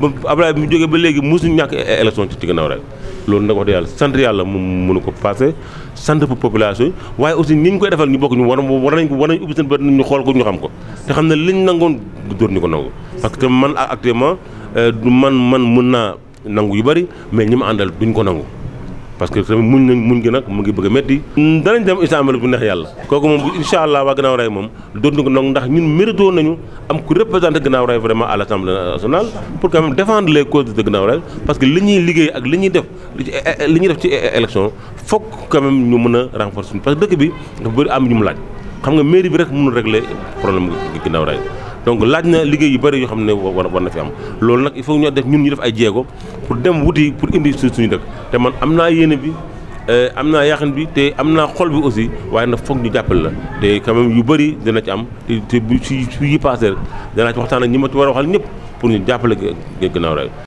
ba Abdoulaye bi mu jógee ba léegi mosuñu ñàkk élection ci gannaaw rek loolu nag wax dëgg yàlla sant yàlla moom mënu ko passé sant pour population yi waaye aussi ni ñu koy defal ñu bokk ñu war war nañ ko war nañ ubbi seen bët ñu xool ko ñu xam ko te xam ne liñ nangoon doon ñu ko nangu parce que man actuellement euh, du man man mun naa nangu yu bari mais ñi ma àndal duñ ko nangu parce que tamit muñ nañ muñ gi nag mu ngi bëgg a métti danañ dem istanbul bu neex yàlla kooku moom incha allah waa gannaaw raay moom dootuñu ko nangu ndax ñun mérito nañu am ku représenté gannaaw raay vraiment à l' assemblée pour quand même défendre les causes parce que li ñuy liggéey ak li ñuy def li ñuy def ci élection foog quand ñu mën a renforcer parce que dëkk bi dafa bëri am ñu mu laaj xam nga mairie bi rek mënul régler problème gannaaw raay donc laaj na liggéey yu bari yoo xam ne war war na fi am loolu nag il faut ñu def ñun ñu def ay jéego pour dem wuti pour indi suñ suñu dëkk te man am naa yéene bi euh, am naa yaaxin bi te am naa xol bi aussi waaye nag foog ñu jàppale la te quand même yu bari dina ci am te bu si su yi passé danaa ci waxtaan ak ñi ma ci war a waxal ñëpp pour ñu jàppale gannaaw rek